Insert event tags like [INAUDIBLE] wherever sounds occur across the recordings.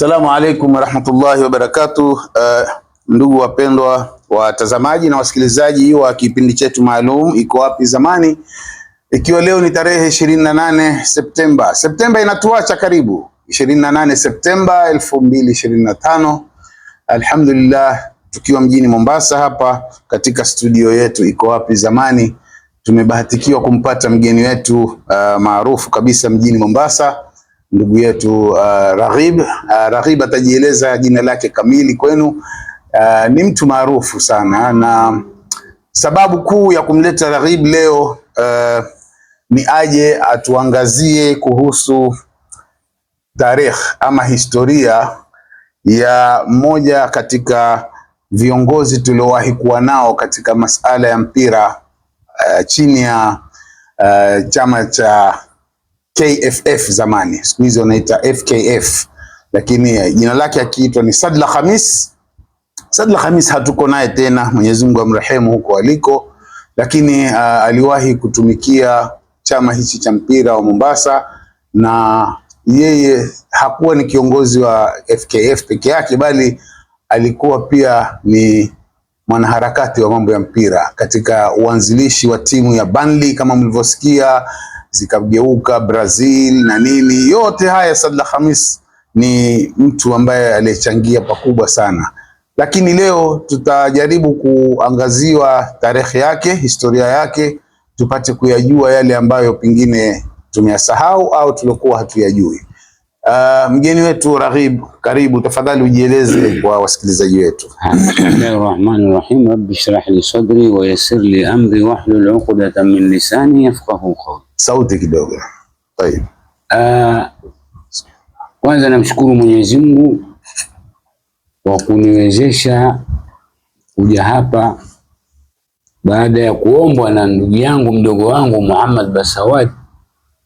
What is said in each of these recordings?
Assalamu alaikum warahmatullahi wabarakatuh. Uh, ndugu wapendwa watazamaji na wasikilizaji wa kipindi chetu maalum Iko Wapi Zamani, ikiwa leo ni tarehe 28 Septemba. Septemba inatuacha karibu, 28 Septemba 2025. Alhamdulillah, tukiwa mjini Mombasa hapa katika studio yetu Iko Wapi Zamani, tumebahatikiwa kumpata mgeni wetu uh, maarufu kabisa mjini Mombasa ndugu yetu uh, Raghib uh, Raghib atajieleza jina lake kamili kwenu. Uh, ni mtu maarufu sana na sababu kuu ya kumleta Raghib leo uh, ni aje atuangazie kuhusu tarikh ama historia ya mmoja katika viongozi tuliowahi kuwa nao katika masala ya mpira uh, chini ya uh, chama cha KFF zamani, siku hizi wanaita FKF, lakini eh, jina lake akiitwa ni Sadla Khamis. Sadla Khamis hatuko naye tena, Mwenyezi Mungu amrehemu huko aliko, lakini uh, aliwahi kutumikia chama hichi cha mpira wa Mombasa na yeye hakuwa ni kiongozi wa FKF peke yake, bali alikuwa pia ni mwanaharakati wa mambo ya mpira katika uanzilishi wa timu ya Burnley kama mlivyosikia zikageuka Brazil na nini. Yote haya Sadla Khamis ni mtu ambaye aliyechangia pakubwa sana, lakini leo tutajaribu kuangaziwa tarehe yake, historia yake, tupate kuyajua yale ambayo pengine tumeyasahau au tuliokuwa hatuyajui. Uh, mgeni wetu Raghib, karibu tafadhali, ujieleze [CLEARS THROAT] kwa wasikilizaji wetu. [CLEARS THROAT] Bismillahir Rahmanir Rahim, rabbi shrah li sadri wa yassir li amri wahlul 'uqdatam min lisani yafqahu qawli sauti kidogo. Uh, kwanza namshukuru Mwenyezi Mungu kwa kuniwezesha kuja hapa baada ya kuombwa na ndugu yangu mdogo wangu Muhammad Basawad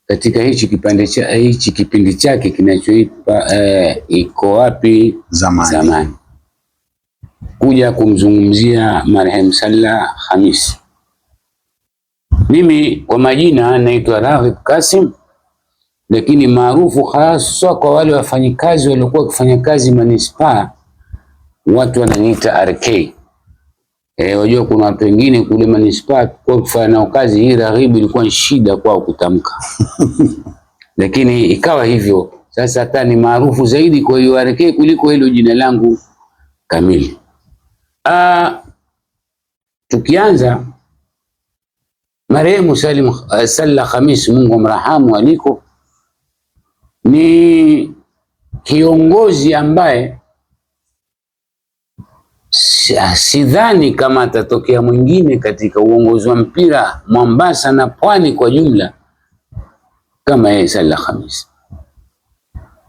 katika hichi kipande cha hichi kipindi chake kinachoipa eh, iko wapi zamani, zamani, kuja kumzungumzia marehemu Salla Khamisi mimi kwa majina naitwa Raghib Kasim, lakini maarufu haswa kwa wale wafanyikazi waliokuwa wakifanya kazi manispaa, watu wananiita RK. Eh, wajua kuna watu wengine kule manispaa kwa kufanya nao kazi, hii Raghib ilikuwa shida kwao kutamka [LAUGHS] lakini ikawa hivyo. Sasa hata ni maarufu zaidi kwa hiyo RK kuliko hilo jina langu kamili. Ah, tukianza Marehemu Salim eh, Salla Khamis, Mungu amrahamu, aliko ni kiongozi ambaye ah, sidhani kama atatokea mwingine katika uongozi wa mpira Mombasa na pwani kwa jumla kama yeye Salla Khamis,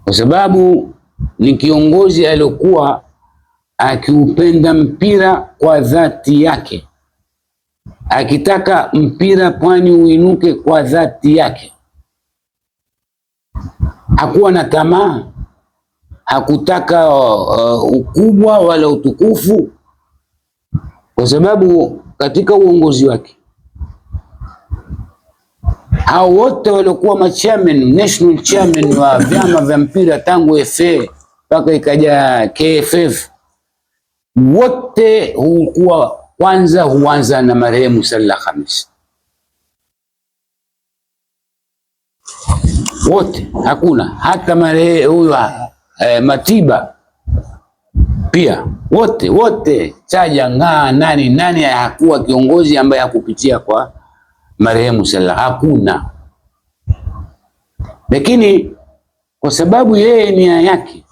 kwa sababu ni kiongozi aliyokuwa akiupenda mpira kwa dhati yake akitaka mpira pwani uinuke kwa dhati yake. Hakuwa na tamaa, hakutaka uh, ukubwa wala utukufu, kwa sababu katika uongozi wake hao wote waliokuwa machairman national chairman wa vyama vya mpira tangu FA mpaka ikaja KFF, wote hukuwa kwanza huanza na marehemu sala Khamis. Wote hakuna hata marehemu huyu eh, Matiba pia wote wote, Chaja Ng'aa, nani nani, hakuwa kiongozi ambaye hakupitia kwa marehemu sala, hakuna. Lakini kwa sababu yeye nia yake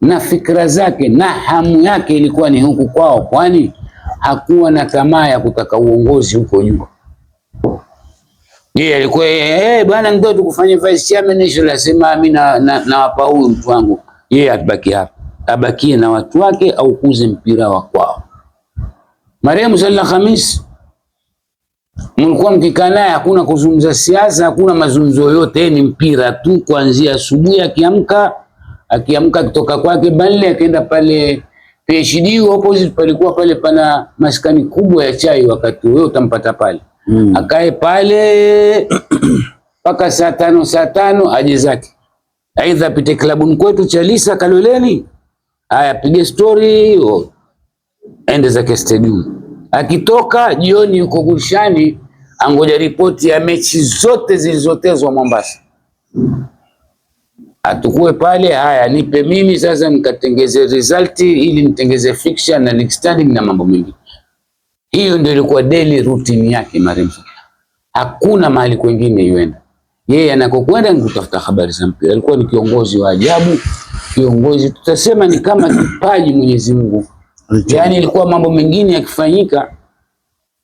na fikra zake na hamu yake ilikuwa ni huku kwao kwani hakuwa na tamaa ya kutaka uongozi huko juu. Je, alikuwa eh, bwana ndio tukufanye vice chairman hizo, lazima mimi na na, nawapa huyu mtu wangu. Yeye atabaki hapa, abakie na watu wake au kuze mpira wa kwao. Marehemu Salah Khamis mlikuwa mkikaa naye, hakuna kuzungumza siasa, hakuna mazungumzo yote, ni mpira tu, kuanzia asubuhi. Akiamka akiamka kutoka kwake bali akaenda pale PhD opposite palikuwa pale pana maskani kubwa ya chai, wakati wewe utampata pale mm. Akae pale [CLEARS THROAT] mpaka saa tano saa tano aje zake, aidha apite klabuni kwetu Chalisa Kaloleni, pige story stori, ende zake stadium. Akitoka jioni yuko Gulshani, angoja ripoti ya mechi zote zilizotezwa Mombasa atukue pale, haya nipe mimi sasa nikatengeze result ili nitengeze fiction na extending na mambo mengi. Hiyo ndio ilikuwa daily routine yake marehemu. Hakuna mahali kwingine yuenda yeye, anakokwenda ni kutafuta habari za mpira. Alikuwa ni kiongozi wa ajabu, kiongozi tutasema ni kama kipaji Mwenyezi Mungu, Yani ilikuwa mambo mengine yakifanyika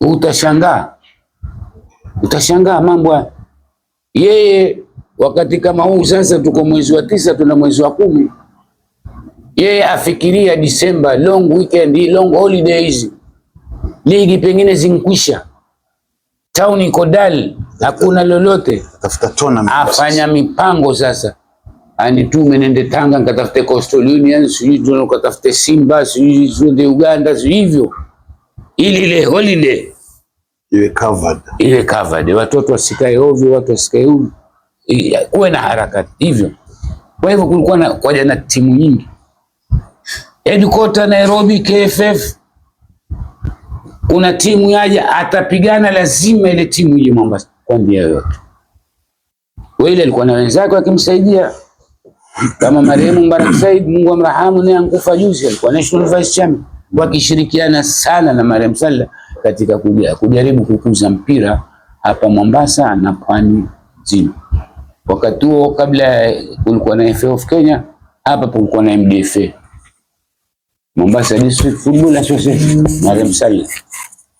utashangaa, utashangaa mambo yeye Wakati kama huu sasa, tuko mwezi wa tisa, tuna mwezi wa kumi, yeye afikiria Disemba, long weekend, long holidays, ligi pengine zinkwisha, town iko dal, hakuna lolote, afanya mipango sasa, anitume nende Tanga nkatafute Coastal Union, sijui nikatafute Simba, sijui Uganda, sijui hivyo, ili ile holiday iwe covered, iwe covered, watoto wasikae ovyo, watu wasikae ovyo kuwe na harakati hivyo. Kwa hivyo kulikuwa na kwa jana timu nyingi headquarter Nairobi KFF, kuna timu yaja atapigana, lazima ile timu ije Mombasa kwa njia yoyote. Wale alikuwa na wenzake wakimsaidia kama marehemu Mbarak Said, Mungu amrahamu, naye ankufa juzi, alikuwa national vice chairman, wakishirikiana sana na marehemu Salla katika kujaribu kukuza mpira hapa Mombasa na pwani zima. Wakati huo kabla kulikuwa na FA of Kenya, hapa kulikuwa na MDFA Mombasa District Football Association Mariam Saleh.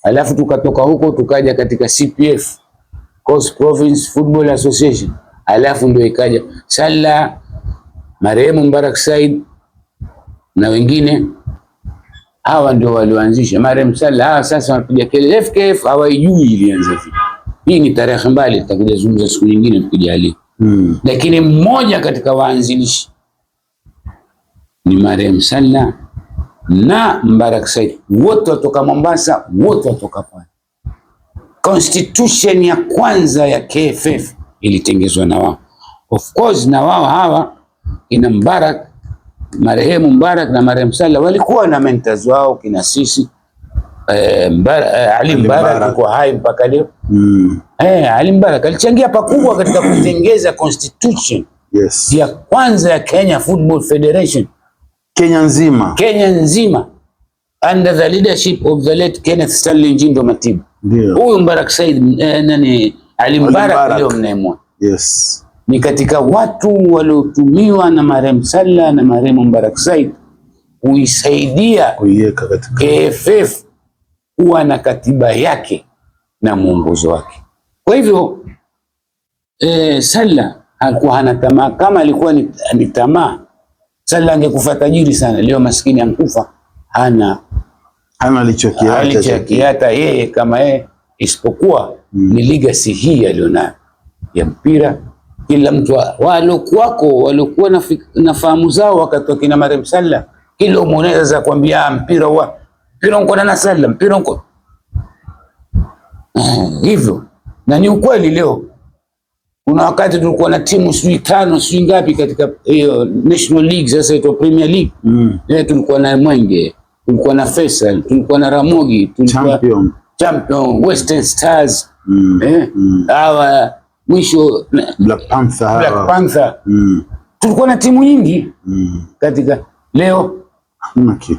Alafu tukatoka huko tukaja katika CPF Coast Province Football Association, alafu ndio ikaja Salla marehemu Mbarak Said na wengine hawa ndio walioanzisha marehemu Salla. Hawa sasa wanapiga kelele FKF, hawaijui ilianza vipi. Hii ni tarehe mbali, tutakuja zungumza siku nyingine tukijalia. Lakini mmoja katika waanzilishi ni marehemu Salna na Mbarak Said, wote watoka Mombasa, wote watoka Pwani. Constitution ya kwanza ya KFF ilitengezwa na wao, of course, na wao hawa ina Mbarak, marehemu Mbarak na marehemu Salna walikuwa na mentors wao kina sisi Eh, eh, Ali Mbara yuko hai mpaka leo mm. Eh, Ali Mbara alichangia pakubwa katika kutengeza constitution yes, ya kwanza ya Kenya Football Federation Kenya nzima, Kenya nzima under the leadership of the late Kenneth Stanley Njindo Ndio. Huyu Mbarak Said eh, nani Ali Mbarak leo mnaemwa. Yes. Ni katika watu waliotumiwa na marehemu Salla na marehemu Mbarak Said kuisaidia kuiweka katika KFF huwa na katiba yake na mwongozo wake. Kwa hivyo e, Salla alikuwa hana tamaa. Kama alikuwa ni, ni tamaa, Salla angekufa tajiri sana. Leo maskini ankufa hana hana alichokiata yeye kama yeye, isipokuwa hmm, ni legacy hii aliyonayo ya mpira. Kila mtu walokuwako waliokuwa na fahamu zao wakati wakina Marem Salla, kila mmoja anaweza kuambia ah, mpira wa Pirongo na salam pirongo eh, hivyo, na ni ukweli. Leo kuna wakati tulikuwa na timu sijui tano sijui ngapi katika hiyo National League, sasa ito Premier League mm. Eh, tulikuwa na Mwenge, tulikuwa na Faisal, tulikuwa na Ramogi, tulikuwa Champion, Champion Western Stars mm. Eh, mm. Hawa mwisho Black Panther, Black Panther. Mm. Tulikuwa na timu nyingi mm. katika leo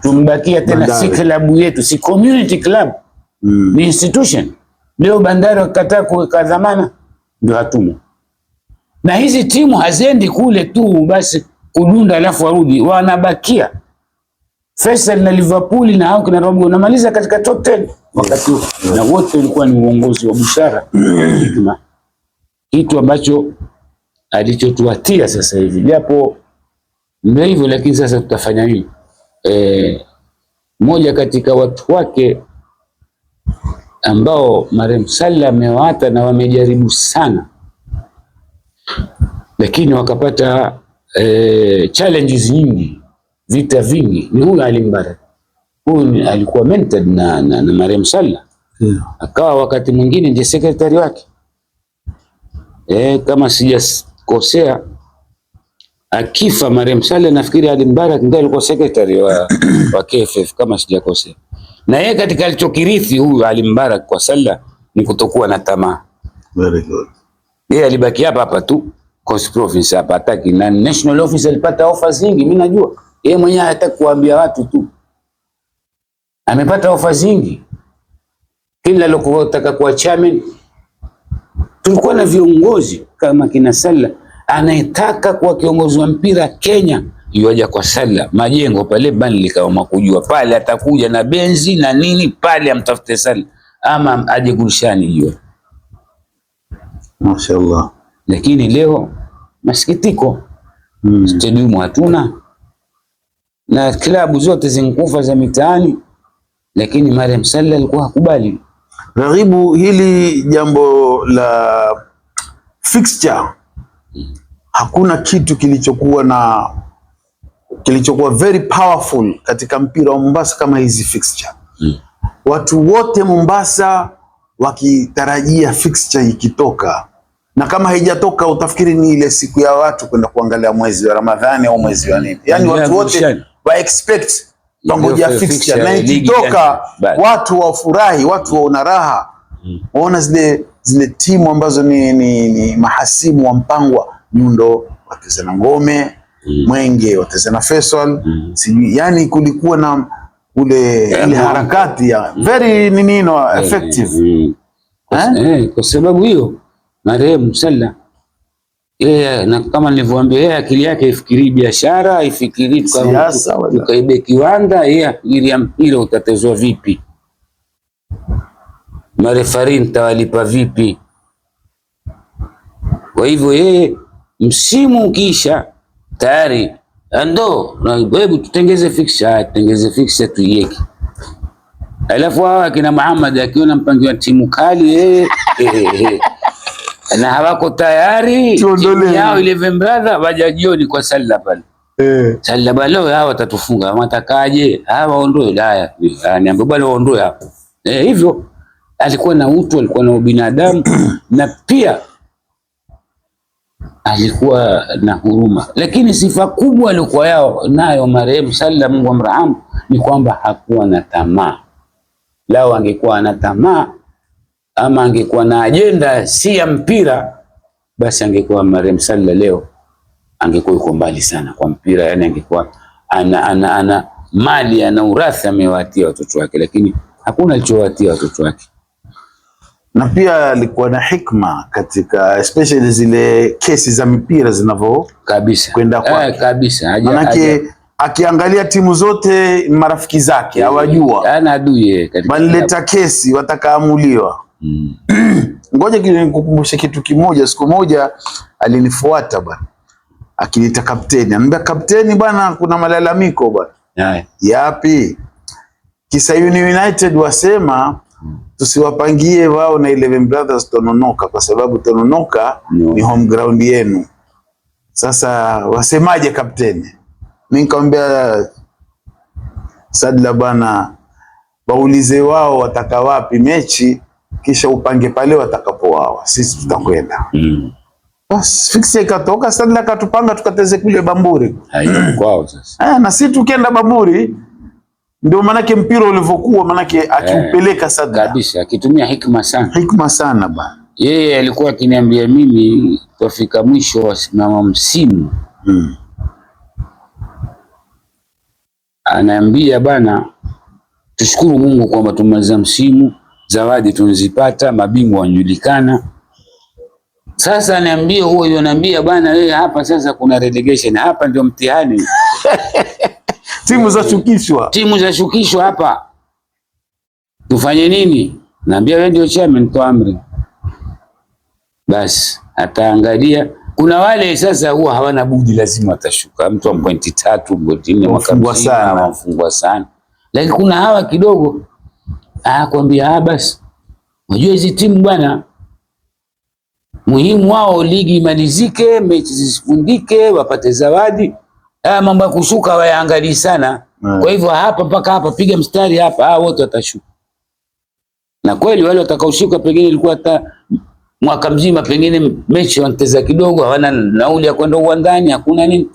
tumbakia tena, si klabu yetu, si community club mm. ni institution. Leo Bandari wakikataa kuweka dhamana, ndio hatumo. Na hizi timu haziendi kule tu basi kudunda alafu warudi, wanabakia Faisal na Liverpool na hao na Robo namaliza katika top 10 wakati huo Na wote ulikuwa ni uongozi wa busara hmm. kitu ambacho alichotuatia sasa hivi, japo ndio hivyo, lakini sasa tutafanya nini? eh, moja katika watu wake ambao marehemu Salla amewata na wamejaribu sana, lakini wakapata eh, challenges nyingi, vita vingi, ni huyu Ali Mbaraka. Huyu alikuwa mentored na, na, na marehemu Salla hmm. Akawa wakati mwingine ndiye sekretari wake eh, kama sijakosea akifa Mariam Saleh, nafikiri Ali Mbarak ndiye alikuwa secretary wa, wa KFF kama sijakosea. Na yeye katika alichokirithi huyu Ali Mbarak kwa Saleh ni kutokuwa na tamaa. Very good. Yeye alibaki hapa hapa tu Coast Province hapa, hataki na national office. Alipata offers nyingi, mimi najua yeye mwenyewe hataki kuambia watu tu, amepata offers nyingi kila alokotaka kuwa chairman. Tulikuwa na viongozi kama kina Saleh anayetaka kuwa kiongozi wa mpira Kenya yuaja kwa Salla majengo pale Banli, kama kujua pale atakuja na benzi na nini pale, amtafute Salla ama aje Gulshani jua. Mashaallah, lakini leo masikitiko, hmm. stadium hatuna na klabu zote zinkufa za mitaani, lakini Mariam Sala alikuwa hakubali. Raghibu, hili jambo la fixture Hakuna kitu kilichokuwa na kilichokuwa very powerful katika mpira wa Mombasa kama hizi fixture. Mm. Watu wote Mombasa wakitarajia fixture ikitoka, na kama haijatoka utafikiri ni ile siku ya watu kwenda kuangalia mwezi wa Ramadhani au mwezi wa nini, Yaani watu wote wa expect pamoja fixture, na ikitoka watu wafurahi, watu waona raha, hmm. waona zile zile timu ambazo ni, ni, ni mahasimu wa Mpangwa, Nyundo na ngome mm. Mwenge na Faisal mm. si, yani kulikuwa na ule yeah, ile harakati ya mm. very nini no effective mm. mm. Eh? eh, kwa sababu hiyo marehemu Salla yeye na kama nilivyoambia, yeye akili yake ifikirii biashara, ifikirii tukaibe kiwanda, yeye afikiria mpira utatezwa vipi marefari nitawalipa vipi? Kwa hivyo yeye msimu ukisha tayari ando, hebu tutengeze fiksha, tutengeze fiksha tuiweke. Alafu hawa akina Muhammad akiona mpango wa timu kali yeye [LAUGHS] na hawako tayari timu yao ile vembrada, waja jioni kwa sala pale Eh. Sala balo hawa watatufunga, watakaje? Hawa waondoe, daya. Niambia yaani, bwana waondoe hapo. Eh, hivyo alikuwa na utu, alikuwa na ubinadamu na pia alikuwa na huruma. Lakini sifa kubwa alikuwa yao nayo marehemu Salah, Mungu amrahamu, ni kwamba hakuwa na tamaa. Lao angekuwa na tamaa ama angekuwa na ajenda si ya mpira, basi angekuwa marehemu salla leo angekuwa yuko mbali sana kwa mpira, yani angekuwa ana, ana, ana mali ana urathi amewatia watoto wake, lakini hakuna alichowatia watoto wake na pia alikuwa na hikma katika especially zile kesi za mipira zinavyo kabisa kwenda kwa eh, kabisa manake akiangalia timu zote marafiki zake hawajua eh, ana adui wanileta kesi watakaamuliwa. Mm. [CLEARS THROAT] Ngoja nikukumbushe kitu kimoja. Siku moja alinifuata bwana, akiniita kapteni, anambia kapteni, bwana kuna malalamiko bwana. Yapi? Union United wasema tusiwapangie wao na Eleven Brothers Tononoka, kwa sababu Tononoka no. ni home ground yenu. Sasa wasemaje kapteni? Mimi nikamwambia Sadla bana, waulize wao wataka wapi mechi, kisha upange pale watakapo wao, sisi tutakwenda mm. Bas fiksi ikatoka Sadla katupanga tukateze kule Bamburi kwao sasa. Eh, na sisi tukienda Bamburi ndio manake mpira ulivyokuwa, manake akiupeleka eh, sadaka kabisa, akitumia hikma sana, hikma sana bana. Yeye alikuwa akiniambia mimi, twafika mwisho wasimama msimu hmm. Anaambia bana, tushukuru Mungu kwamba tumaliza msimu, zawadi tunzipata, mabingwa wanajulikana. Sasa anaambia huyo, anaambia bana, wewe hapa sasa kuna relegation, hapa ndio mtihani [LAUGHS] timu zashukishwa, timu zashukishwa hapa. Tufanye nini? Naambia wewe ndio chairman, toa amri basi. Ataangalia kuna wale sasa huwa hawana budi, lazima watashuka. Mtu wa pointi tatu pointi nne wamfungwa sana, lakini kuna hawa kidogo ah, kwambia ah, basi, unajua hizi timu bwana, muhimu wao ligi imalizike, mechi zisifundike, wapate zawadi haya ah, mambo ya kushuka wayaangalii sana mm. Kwa hivyo hapa mpaka hapa, piga mstari hapa, ah, wote watashuka. Na kweli wale watakaoshuka pengine ilikuwa hata mwaka mzima, pengine mechi wanateza kidogo, hawana nauli ya kwenda uwandani, hakuna nini.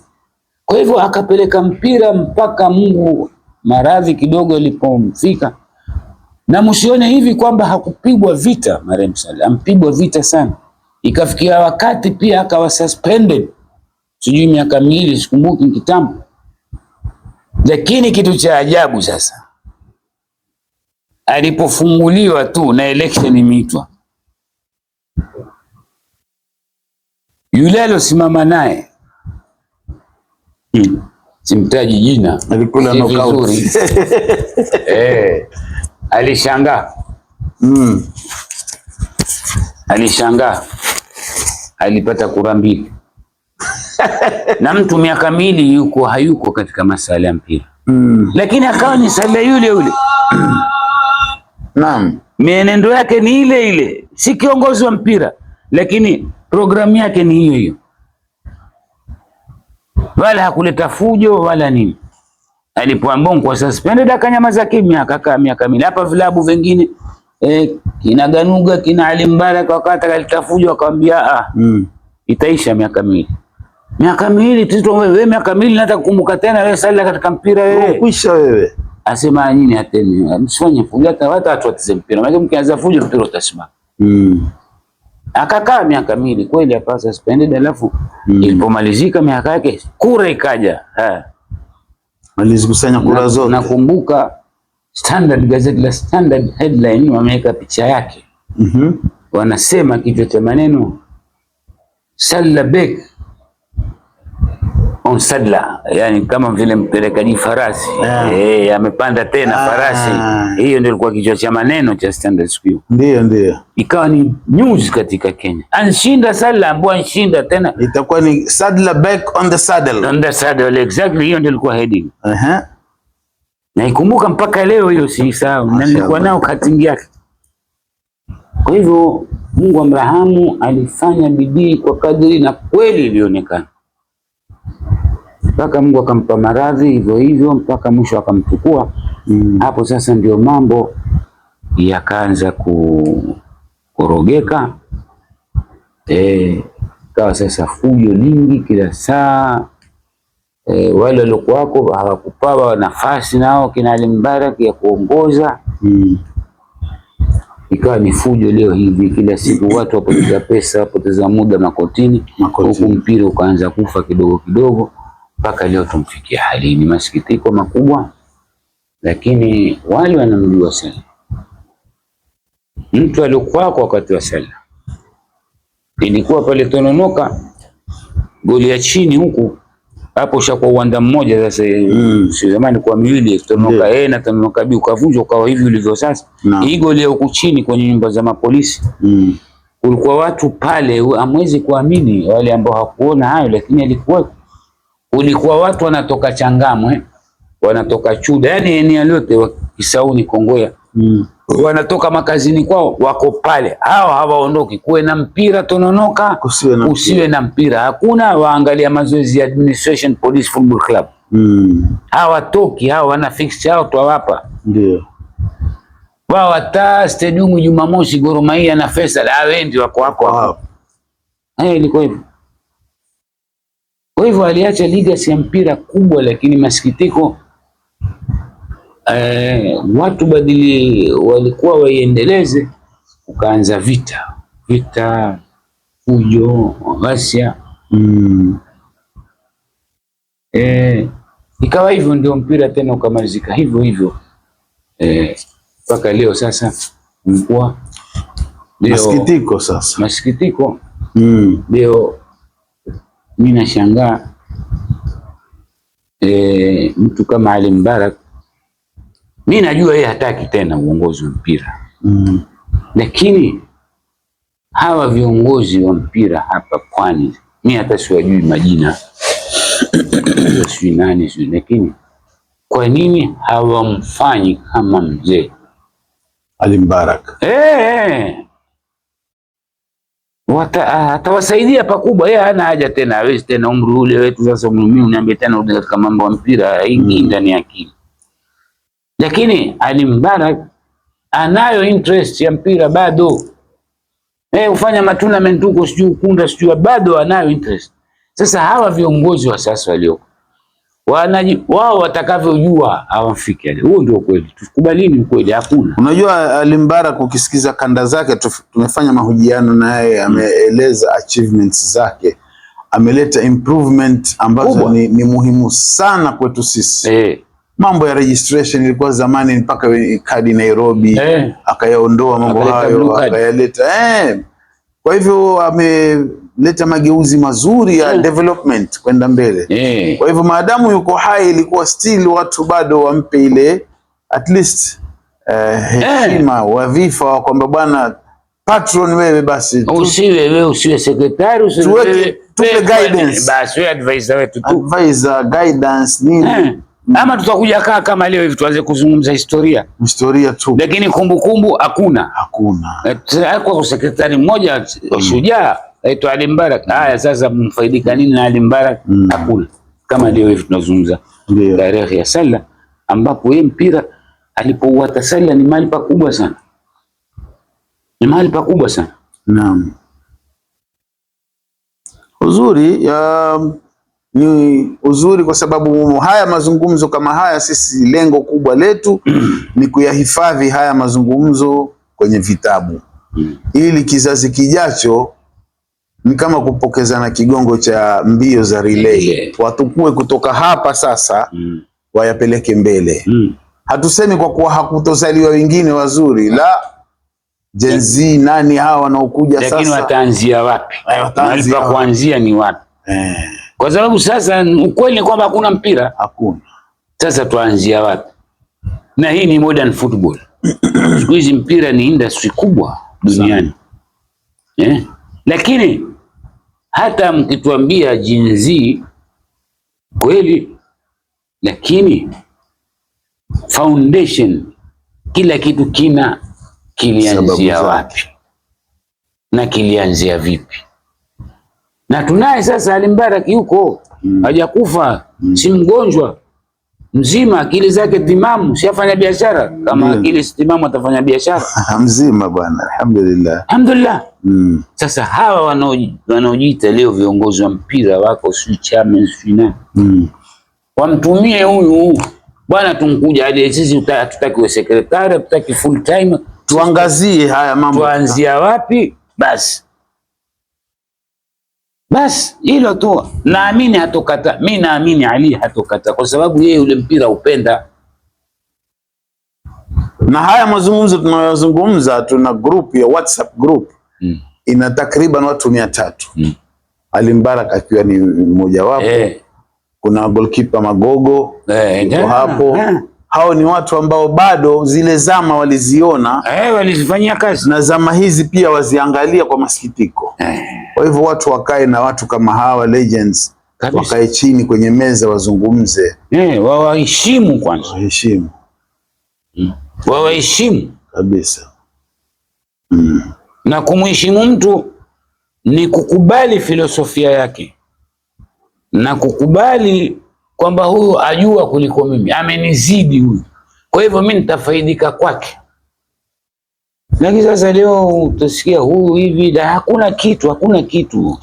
Kwa hivyo akapeleka mpira mpaka Mungu maradhi kidogo ilipomfika, na msione hivi kwamba hakupigwa vita marehemu Salla, ampigwa vita sana, ikafikia wakati pia akawa suspended sijui miaka miwili, sikumbuki kitambo. Lakini kitu cha ajabu sasa, alipofunguliwa tu na election imeitwa, yule aliosimama naye hmm. simtaji jina vizuri [LAUGHS] eh, alishangaa hmm. alishangaa alipata kura mbili [LAUGHS] na mtu miaka miwili yuko hayuko katika masala ya mpira mm. Lakini akawa ni sala yule yule [CLEARS THROAT] naam, mienendo yake ni ile ile, si kiongozi wa mpira, lakini programu yake ni hiyo hiyo, wala hakuleta fujo wala nini. Alipoambia kwa suspended akanyamaza kimya, akakaa miaka miwili. Hapa vilabu vingine E, kina Ganuga kina Ali Mbaraka wakati alitafujo akamwambia, ah mm. itaisha miaka miwili miaka miwili Tito, wewe miaka miwili nata kukumbuka tena wewe sala katika mpira wewe. Ukwisha wewe. Asema nini? Ateni msifanye fujo hata hata watu watize mpira. Maana mkianza fujo mpira utasema Mm. Akakaa miaka miwili kweli hapa suspended, alafu mm. ilipomalizika miaka yake kura ikaja. Ha. Alizikusanya kura zote. Nakumbuka na Standard gazeti la Standard headline wameweka picha yake. Mhm. Mm, wanasema kichwa cha maneno Salla Bek unsadla, yani kama vile mpelekaji farasi ah. eh, amepanda tena ah. farasi. Hiyo ndio ilikuwa kichwa cha maneno cha Standard siku ndio ndio ikawa ni news katika Kenya. Anshinda sadla, ambao anshinda tena itakuwa ni sadla back on the saddle, on the saddle exactly. Hiyo ndio ilikuwa heading uh -huh. Naikumbuka mpaka leo hiyo, si sawa na nilikuwa nao cutting yake. Kwa hivyo Mungu amrahamu, alifanya bidii kwa kadri na kweli ilionekana mpaka Mungu akampa maradhi hivyo hivyo mpaka mwisho akamchukua mm. hapo. Mm. Sasa ndio mambo yakaanza kukorogeka, e, sasa fujo nyingi kila saa e, wale waliokuwako hawakupawa nafasi nao kina Ali Mbaraki ya kuongoza mm. Ikawa ni fujo leo hivi, kila siku watu wapoteza pesa, wapoteza muda makotini, huku mpira ukaanza kufa kidogo kidogo mpaka leo tumfikia hali. Ni masikitiko makubwa, lakini wale wanamjua sana mtu aliokwako wakati wa sala. Ilikuwa pale Tononoka goli ya chini huku hapo, ushakuwa uwanda mmoja sasa. Mm. si zamani kwa miwili Tononoka yeah. E na Tononoka bi ukavunjwa ukawa hivi ulivyo sasa no. Hii goli ya huku chini kwenye nyumba za mapolisi mm. Kulikuwa watu pale, amwezi kuamini wale ambao hakuona hayo, lakini alikuwa ulikuwa watu wanatoka Changamwe, wanatoka Chuda, yani eneo lote Kisauni, Kongoya mm. wanatoka makazini kwao, wako pale, hao hawaondoki. Kuwe na mpira tononoka, usiwe na, usiwe na mpira, hakuna waangalia mazoezi ya administration police football club mm. hawatoki wana fix hao, twawapa ndio wao hata stadium Jumamosi Gor Mahia na Faisal awendi wako wako hapo. Eh, ilikuwa hivyo. Kwa hivyo aliacha legacy ya mpira kubwa, lakini masikitiko eh, watu badili walikuwa waiendeleze, ukaanza vita, vita, fujo, ghasia mm. eh, ikawa hivyo ndio mpira tena ukamalizika hivyo hivyo eh, mpaka eh, leo sasa mkua masikitiko sasa masikitiko mm. leo mm mimi nashangaa e, mtu kama Ali Mbarak, mimi najua yeye hataki tena uongozi wa mpira mm. Lakini hawa viongozi wa mpira hapa pwani, mimi hata siwajui majina sijui nani sijui, lakini kwa nini hawamfanyi kama mzee Ali Mbarak? hey, eh, eh. hey. Ah, atawasaidia pakubwa. Yeye hana haja tena, hawezi tena umri ule wetu sasa, mimi uniambie tena urudi katika mambo ya mpira, ingi mm. ndani ya akili. Lakini Ali Mbarak anayo interest ya mpira bado, eh ufanya matournament huko, sijui ukunda, sijui bado anayo interest. Sasa hawa viongozi wa sasa walioko wao watakavyojua hawamfiki. Huo ndio kweli, tukubalini ukweli, hakuna. Unajua, Ali ukisikiza kanda zake, tumefanya mahojiano naye, ameeleza achievements zake, ameleta improvement ambazo ni, ni muhimu sana kwetu sisi e. Mambo ya registration ilikuwa zamani mpaka kadi Nairobi e. Akayaondoa mambo hayo akayaleta e. Kwa hivyo ame leta mageuzi mazuri ya mm. development kwenda mbele yeah. Kwa hivyo maadamu yuko hai, ilikuwa still watu bado wampe ile at least uh, eh, eh. heshima yeah. Wadhifa kwamba bwana patron wewe, basi tu, usiwe wewe, usiwe sekretari, usiwe tupe eh, guidance basi, wewe advisor wetu tu, advisor guidance nini yeah. Mm. Ama tutakuja kaa kama leo hivi tuanze kuzungumza historia historia tu, lakini kumbukumbu hakuna hakuna. Sekretari mmoja mm. shujaa aitwa Ali Mbarak. Haya, sasa mfaidika nini na Ali Mbarak? Mm. Nakula Kama leo hivi tunazungumza tarehe ya sala, ambapo yeye mpira alipouata sala ni mahali pakubwa sana, ni mahali pakubwa sana. Naam, uzuri ya um, ni uzuri kwa sababu haya mazungumzo kama haya, sisi lengo kubwa letu [CLEARS THROAT] ni kuyahifadhi haya mazungumzo kwenye vitabu mm. ili kizazi kijacho ni kama kupokezana kigongo cha mbio za relay yeah. Watukue kutoka hapa sasa mm. wayapeleke mbele mm. Hatusemi kwa kuwa hakutozaliwa wengine wazuri yeah. la Gen yeah. nani hawa wanaokuja sasa, lakini wataanzia wapi? Mahali pa kuanzia ni wapi? eh. Kwa sababu sasa ukweli ni kwamba hakuna mpira, hakuna. Sasa tuanzia wapi? Na hii ni modern football siku hizi mpira ni industry kubwa duniani eh? lakini hata mkituambia jinzi kweli, lakini foundation kila kitu kina kilianzia wapi na kilianzia vipi, na tunaye sasa Alimbaraki yuko mm. mm. si mgonjwa mzima akili zake timamu, siafanya biashara kama yeah. Akili timamu atafanya biashara [LAUGHS] mzima bwana, alhamdulillah, alhamdulillah mm. Sasa hawa wanaojiita leo viongozi wa mpira wako si chama si nani mm. Wamtumie huyu bwana, tumkuja hadi sisi, hatutaki sekretari, hatutaki full time, tuangazie haya mambo, tuanzia wapi basi basi hilo tu, naamini hatokata. Mimi naamini Ali hatokata, kwa sababu yeye ule mpira upenda. Na haya mazungumzo tunayozungumza, tuna group ya WhatsApp group mm. ina takriban watu mia tatu mm. Ali Mbarak akiwa ni mmoja wapo eh. kuna goalkeeper Magogo eh, hapo eh hao ni watu ambao bado zile zama waliziona, eh, walizifanyia kazi na zama hizi pia waziangalia kwa masikitiko eh. Kwa hivyo watu wakae na watu kama hawa legends wakae chini kwenye meza wazungumze, eh, wawaheshimu kwanza, waheshimu mm. wawaheshimu kabisa mm. na kumheshimu mtu ni kukubali filosofia yake na kukubali kwamba huyu ajua kuliko mimi, amenizidi huyu, kwa hivyo mimi nitafaidika kwake. Lakini sasa leo utasikia huyu hivi, da, hakuna kitu, hakuna kitu,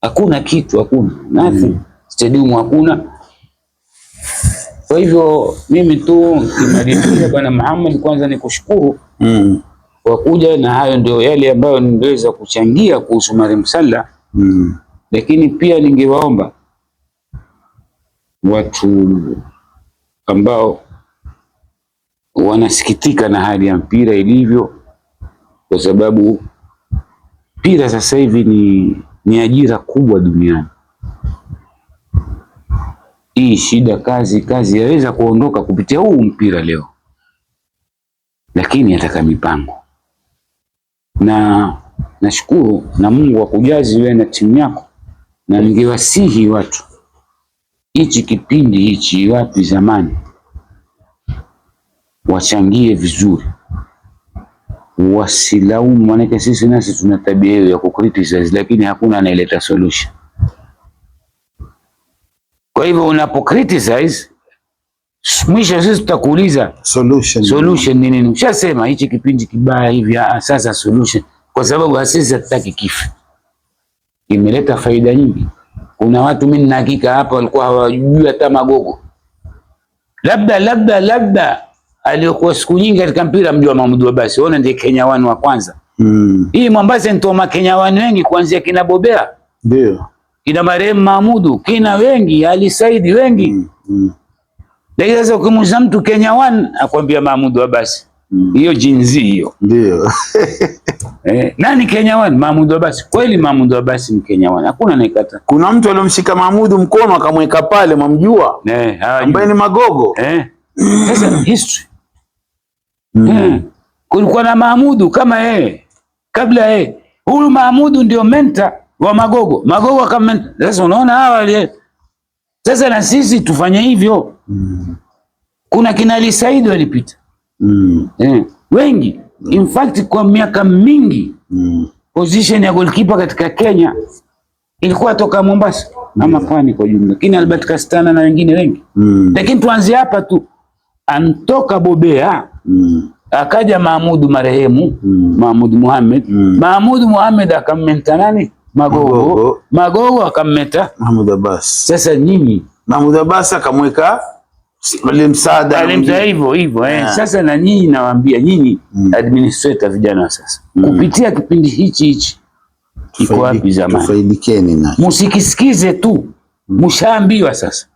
hakuna kitu, hakuna nothing, mm. stadium hakuna. Kwa hivyo mimi tu nikimalizia, Bwana Muhammad, kwanza nikushukuru mm. kwa kuja na hayo, ndio yale ambayo ningeweza kuchangia kuhusu Mariam Salla mm. lakini pia ningewaomba watu ambao wanasikitika na hali ya mpira ilivyo, kwa sababu mpira sasa hivi ni, ni ajira kubwa duniani. Hii shida kazi kazi yaweza kuondoka kupitia huu mpira leo, lakini yataka mipango na nashukuru na Mungu akujazi wewe na timu yako, na ningewasihi watu hichi kipindi hichi wapi zamani, wachangie vizuri, wasilaumu. Maanake sisi nasi tuna tabia hiyo ya kucriticize, lakini hakuna anaeleta solution. Kwa hivyo unapocriticize, mwisho sisi tutakuuliza solution, solution ni nini? Ushasema hichi kipindi kibaya hivi, ah, sasa solution, kwa sababu sisi hatutaki kife, imeleta faida nyingi. Kuna watu mimi nina hakika hapa walikuwa hawajui hata magogo, labda labda labda aliyokuwa siku nyingi katika mpira mjua Mahmud Abbas, ona ndio Kenya wani wa kwanza mm. Hii Mombasa ma Kenya wani wengi kuanzia kina Bobea ndio kina marehemu Mahmudu kina wengi Ali Saidi wengi mm. mm. Lakini sasa ukimuuliza mtu Kenya wani akwambia Mahmud Abbas Mm. hiyo jinzi hiyo ndio. [LAUGHS] Eh, nani Kenya wani? Mahmud Abasi. Kweli Mahmud Abasi ni Kenya wani. Hakuna anayekata. Kuna mtu aliyomshika Mahmud mkono akamweka pale mamjua. Eh, ambaye ni Magogo. Eh. Sasa history. Mm. Eh. Kulikuwa na Mahmud kama yeye. Kabla yeye. Huyu Mahmud ndio mentor wa Magogo. Magogo kama mentor. Sasa unaona hawa sasa na sisi tufanye hivyo. Mm. Kuna kina Ali Said walipita mm. eh, wengi mm. in fact kwa miaka mingi mm. position ya goalkeeper katika Kenya ilikuwa toka Mombasa mm. ama pwani kwa jumla, lakini Albert Kastana na wengine wengi mm. lakini tuanzie hapa tu, antoka Bobea mm. akaja Mahmud marehemu mm. Mahmud Muhammad mm. Mahmud Muhammad akammenta nani Magogo, Magogo akammeta Mahmud Abbas. Sasa nini Mahmud Abbas akamweka walimsaada hivyo hivyo eh. Sasa na nyinyi nawaambia nyinyi mm. administrator vijana sasa mm. kupitia kipindi hichi hichi iko wapi zamani, tufaidikeni na tu mm. sasa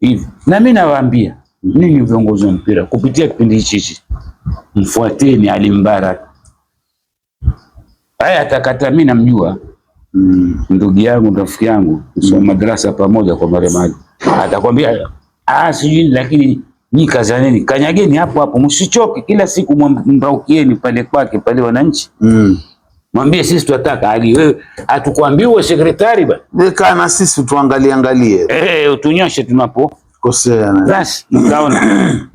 hivi na mimi nawaambia mm. nini viongozi wa mpira kupitia kipindi hichi hichi mfuateni Ali Mbaraka. Haya atakata, mimi namjua mm. ndugu yangu rafiki yangu mm. madrasa pamoja kwa maremaji atakwambia ah, sijui lakini nyi kazaneni, kanyageni hapo hapo, msichoke. Kila siku mraukieni pale kwake pale, wananchi mm. Mwambie sisi tunataka hadi wewe, hatukwambii wewe sekretari ba weka na sisi tuangalie angalie, eh utunyoshe tunapo kosea, na basi nikaona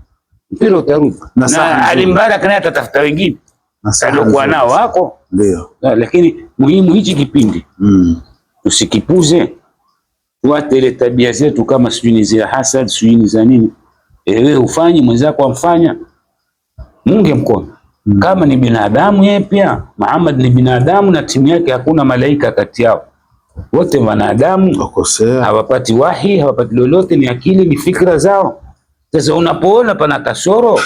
mpira utarudi na, sasa, Ali mbara kana atatafuta wengine na sasa ndio kwa nao wako ndio, lakini muhimu hichi kipindi mm. usikipuze tuate ile tabia zetu, kama sijui ni za hasad, sijui ni za nini. E, Ewe ufanye mwenzako amfanya munge mkono mm. Kama ni binadamu yeye pia, Muhammad ni binadamu na timu yake, hakuna malaika kati yao, wote wanadamu, wakosea, hawapati wahi, hawapati lolote, ni akili, ni fikra zao. Sasa unapoona pana kasoro,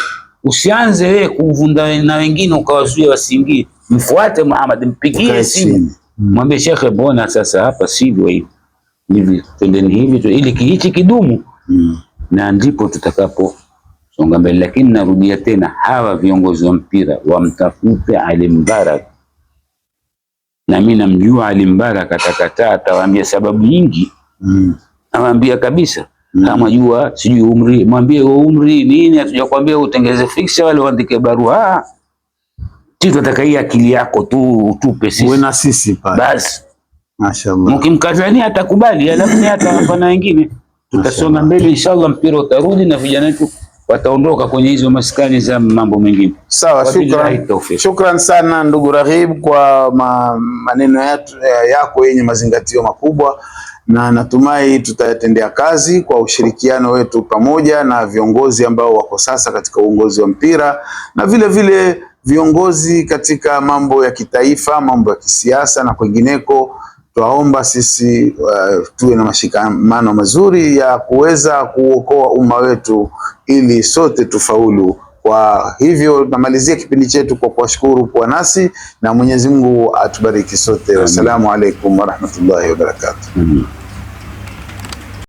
usianze wewe kuvunda na wengine ukawazuia wasiingie. Mfuate Muhammad, mpigie simu, mm. mwambie shekhe, mbona sasa hapa sivyo hivi hivi, twendeni hivi tu, ili kiichi kidumu mm. na ndipo tutakapo songa mbele. Lakini narudia tena, hawa viongozi wa mpira wamtafute Ali Mbarak, na mimi namjua Ali Mbarak, atakataa atawaambia sababu nyingi mm. awaambia kabisa Mm. Kama jua sijui umri, mwambie wewe umri nini, hatuja utengeze fixture wale waandike barua. Ah, Tito tunataka akili yako tu utupe sisi. Wewe na sisi pale. Basi. Mashaallah. Mkimkazania atakubali, alafu ni atawafana wengine. Tutasonga mbele inshallah, mpira utarudi na vijana wetu wataondoka kwenye hizo maskani za mambo mengine. Sawa, shukran. Shukran sana ndugu Raghib kwa ma, maneno yako yenye mazingatio makubwa na natumai tutayatendea kazi kwa ushirikiano wetu pamoja na viongozi ambao wako sasa katika uongozi wa mpira na vile vile viongozi katika mambo ya kitaifa, mambo ya kisiasa na kwingineko twaomba sisi uh, tuwe na mashikamano mazuri ya kuweza kuokoa umma wetu ili sote tufaulu. Kwa hivyo tunamalizia kipindi chetu kwa kuwashukuru kuwa nasi na Mwenyezi Mungu atubariki sote. Wassalamu alaikum warahmatullahi wabarakatuh.